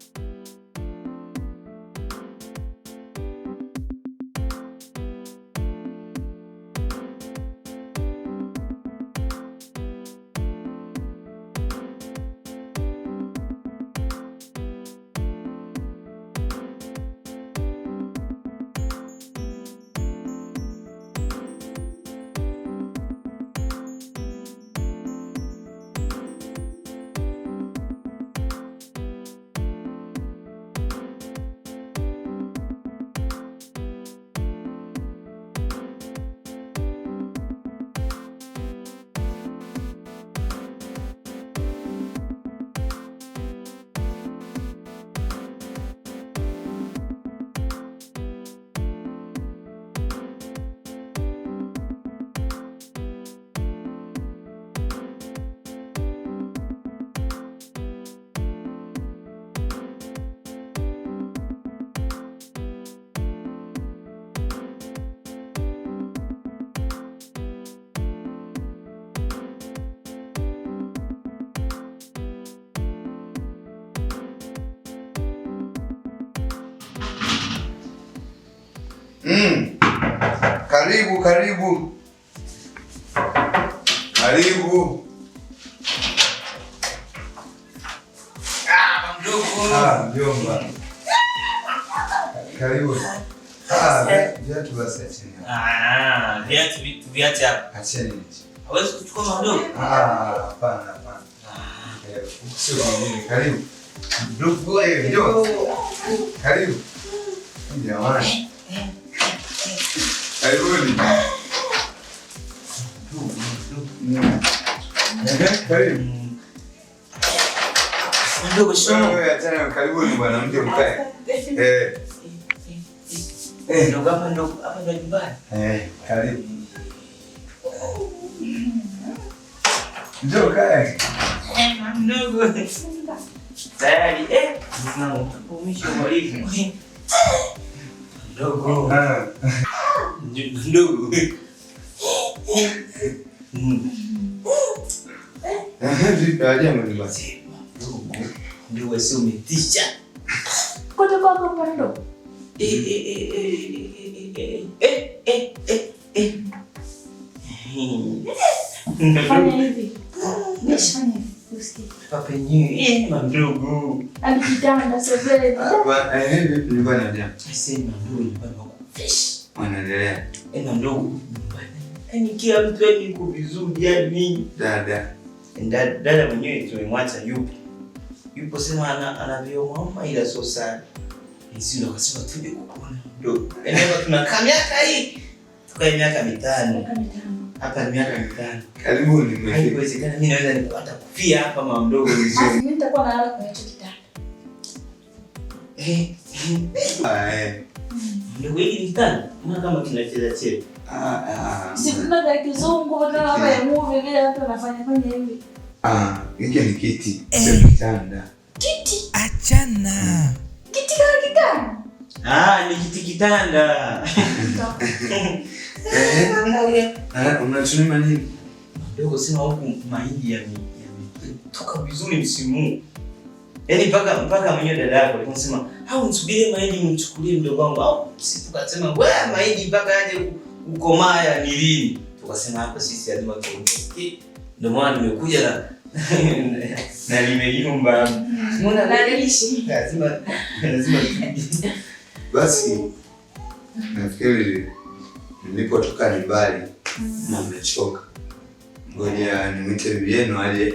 ん Mm. Karibu, karibu, karibu. Ah, mdogo. Ah, mjomba. Karibu. Ah, viatu basi acheni. Ah, viatu vitu Acheni. Hawezi kuchukua mdogo? Ah, ah, hapana, hapana. Ah. Eh, Sio mimi, karibu. Mdogo Karibu. Jamani. Karibuni bwana, mje mkae. Eh. Eh, ndo kama ndo hapa ndo nyumbani. Eh, karibu. Njoo kae. Eh, mdogo. Tayari eh. Mwisho mwalimu. Mdogo. Eh ndugu ndugu, si umetisha kutoka kwa mwanadamu. Fanya hivi. Fanya ah, eh, hivi. Ndugu wanaendelea. Ena ndugu, yani kila mtu yani yuko vizuri yani. Dada yaani dada mwenyewe tumemwacha yupo yupo, sema ana anavyoomba ila sio sana, yaani sio ndo kasema tuje kukuona, ndio eneo yaani tunakaa miaka hii tukae miaka mitano hapa miaka mitano. Karibuni. Haiwezekana mimi naweza nikapata kufia hapa mama mdogo vizuri. Mimi nitakuwa nalala kwenye kitanda. Eh. eh. Ah, eh. Ndio Achana. Hmm. Kiti kama kitanda. Ah, ni kiti kitanda. Eh, eh, eh. Ah, ndio. nini? Ndio kusema huku mahindi yametoka vizuri msimu huu. Yaani mpaka mpaka mwenyewe dada yako alikuwa anasema, "Au ah, nisubirie Maidi nimchukulie mdogo wangu." Au sikukasema, "Wewe Maidi mpaka aje ukomaya ni lini?" Tukasema hapa sisi lazima tuondoke. Ndio maana nimekuja na na Muna na nilishi. Lazima lazima basi nafikiri nilipotoka ni mbali na mmechoka. Ngoja nimwite bienu aje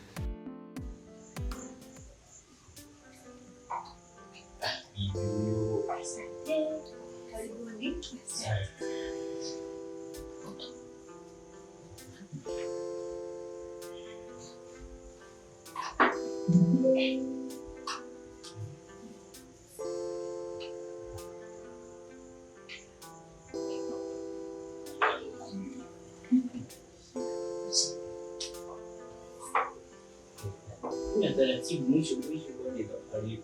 hivyo. Asante. Karibuni. taratibu mwisho mwisho ndio karibu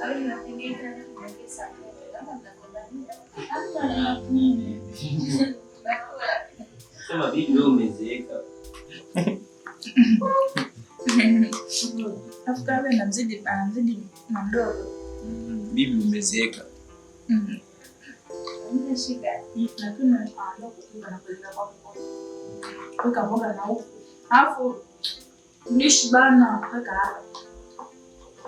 Sema vipi wewe umezeeka? na mdogo. Bibi umezeeka. Mm. Alafu nishi bana kaka hapa.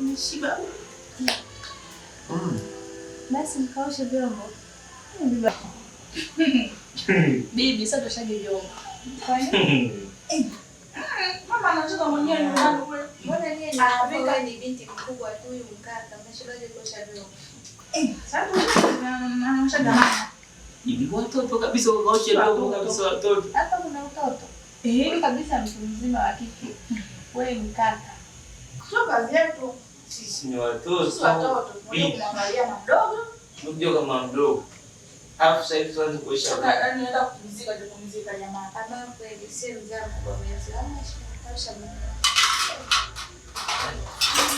Umeshiba? Mm. Basi mkaoshe vyombo. Bibi, sasa toshaje vyombo. Mama anatoka mwenyewe ah. ah, ni binti mkubwa tu huyu mkaka, umeshibaje kuosha vyombo? Eh, watoto kabisa waoshe vyombo kabisa watoto. Hapa kuna utoto. Eh, kabisa mtu mzima wa kike. Wewe mkaka. Kutoka vyetu sisi ni watoto na mdogo mdogo kama mdogo, alafu sasa hivi tuanze kuisha yaani ah,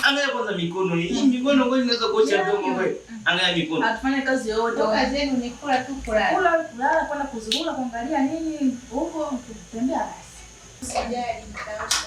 Angalia kwanza mikono hii, mikono ngoni inaweza kuosha yaani, mdomo kweli. Angalia mikono. Hatufanye kazi yote. Kazi yenu ni kula tu kula. Kula, kula kwenda kuzungula kuangalia nini huko, mtembea basi. Usijali, nitaosha.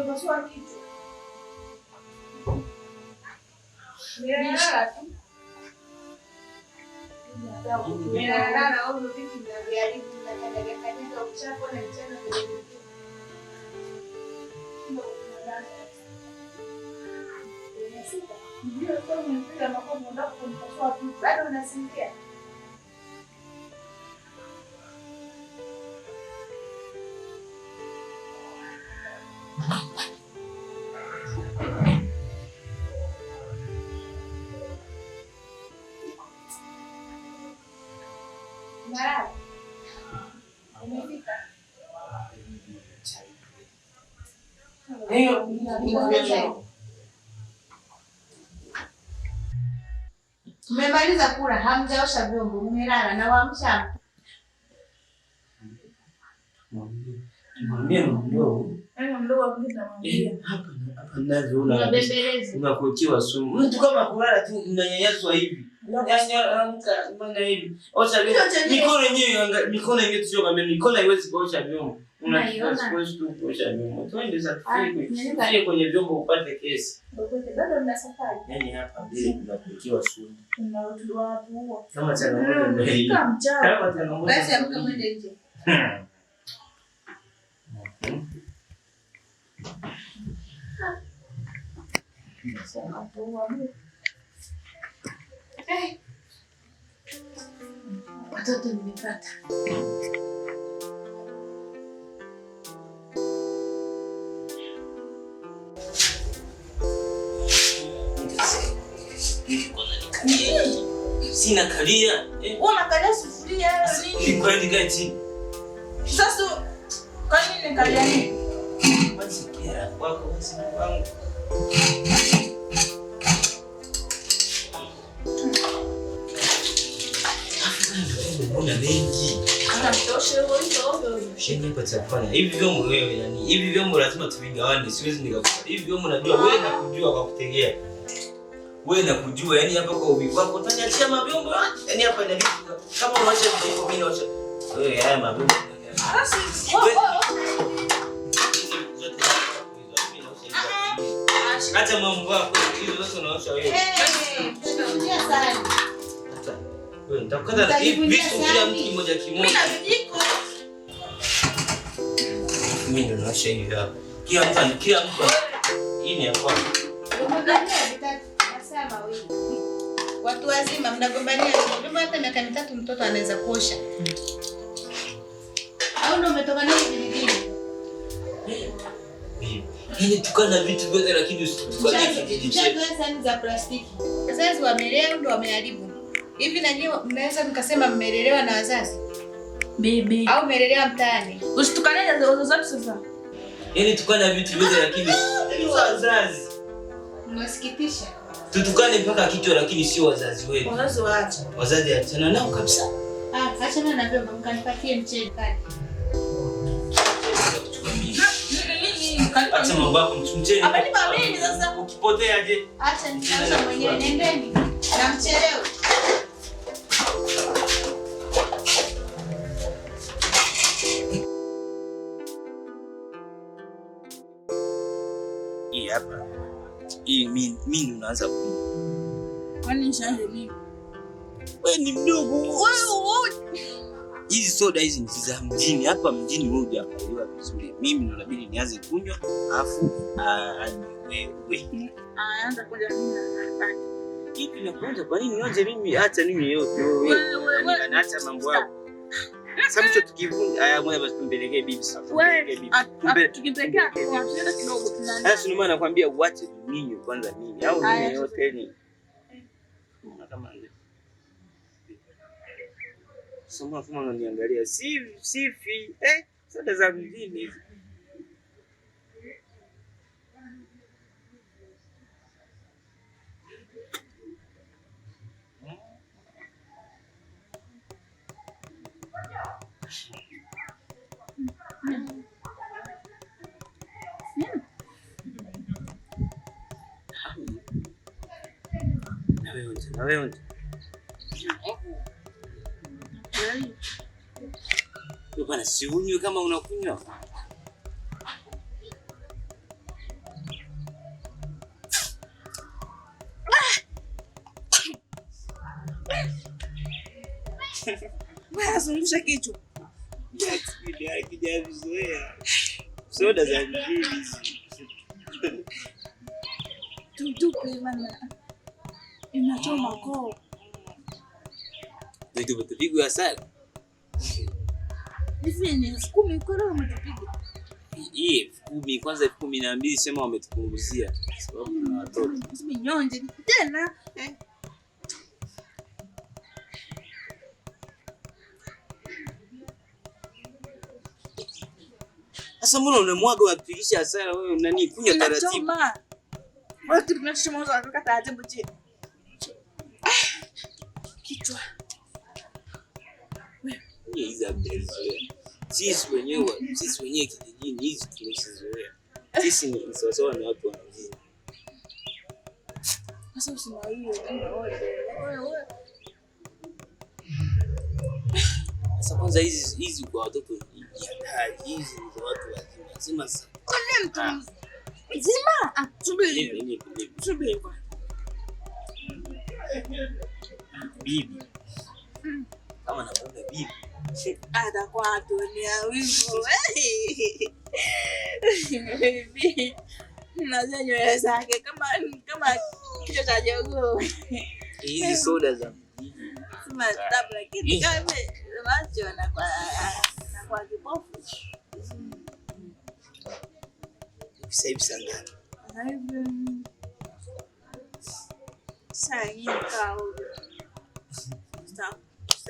umepasua kitu. unasikia? Mmemaliza kula, hamjaosha vyombo, mmelala yaani eh, na wamsha. Mnavyoona unakochewa sumu, mtu kama kulala tu mnanyanyaswa hivi Yaani, yaani, yaani, mikono yenyewe mikono haiwezi kuosha vyombo. Ah, kwenye vyombo upate kesi. Watoto nimepata. Sina kalia. Eh. Unakalia sufuria nini? Ni kweli kae chini. Sasa kwa nini nikalia nini? Mazingira wako wangu. Shenye hapa Hivi vyombo wewe yani, hivi vyombo lazima tuvigawane, siwezi nikakupa. Hivi vyombo najua wewe nakujua kwa kutegea. Wewe nakujua yani hapa kwa uvivu wako utaniachia mavyombo eh? yani hapa inabidi kama unaacha vyombo mimi naacha. Wewe haya mavyombo. Basi. Acha mambo yako hizo zote unaosha wewe. Eh, tunaongea sana. Nitakukata Mimi mtu mtu. Hii ni Watu wazima mnagombania. Ndio hata miaka mitatu mtoto anaweza kuosha. Au ndo umetoka nini vingine? Ili yaani tukana vitu vyote lakini usitukane kijiji chetu. plastiki. Wazazi wamelea ndo wameharibu. Hivi najua mnaweza mkasema mmelelewa na wazazi bibi au mmelelewa mtaani. Usitukane na wazazi sasa. Yaani tukana vitu vyote lakini si wazazi. Unasikitisha. Tutukane mpaka kichwa lakini sio wazazi wetu. Wazazi waacha. Wazazi achana nao kabisa. Ah, achana na vyombo mkanipatie mchele kali. Acha mambo yako mchele. Abani mimi sasa ukipotea je? Acha nitaanza mwenyewe nendeni. Na mchelewe. hapa hii mimi mimi unaanza ku kwani shanje mimi wewe ni mdogo wewe. Hizi soda hizi ni za mjini, hapa mjini wewe hujaelewa vizuri. Mimi ndo inabidi nianze kunywa afu wewe aanza ah, kuja mimi kipi na kwanza, kwa nini nionje mimi? hata mimi yote wewe, acha yaani, mambo yako sasa tukivunja ngoja basi tumpelekee bibi sasa. Tukimpelekea ah, ah, kidogo tunaanza. Sasa ndio maana nakwambia uache ninyo kwanza mimi au ninyo yote ni. Sasa mbona unaniangalia? Sifi, sifi. Eh, sasa za mjini hivi. Na wewe bwana, siunywe kama unakunywa. Zungusha kichwa kijavizoea soda za mjini tutupe mana inachoma koo. Umetupigwa sana. elfu kumi elfu kumi kwanza, elfu kumi na mbili sema wametupunguzia sababu kuna watoto nyonje tena. Eh. Sasa mbona unamwaga unatupigisha hasara wewe, nani kunywa taratibu. sisi wenyewe sisi wenyewe kijijini hizi tumeshazoea. Sisi ni sawasawa na watu wa Sasa kwanza hizi hizi kwa watoto ni hizi ni za watu wazima. Sema sasa ah. ah, bibi mm. kama nakuona bibi atakuwa atuonea wivu. Nazia nywele zake kama kama kichwa cha jogoo. Hizi soda za lakini macho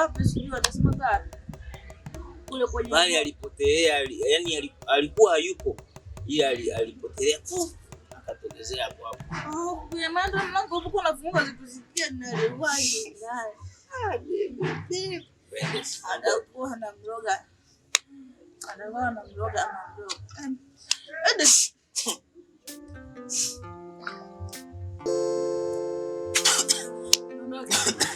wapi sijui, watasema kaa kule kwa jirani alipotelea, yani alikuwa hayupo, ila alipotelea akatokezea hapo hapo. Oh, mlango uko unafunguka, zikusikia anakuwa anamroga anakuwa anamroga anamroga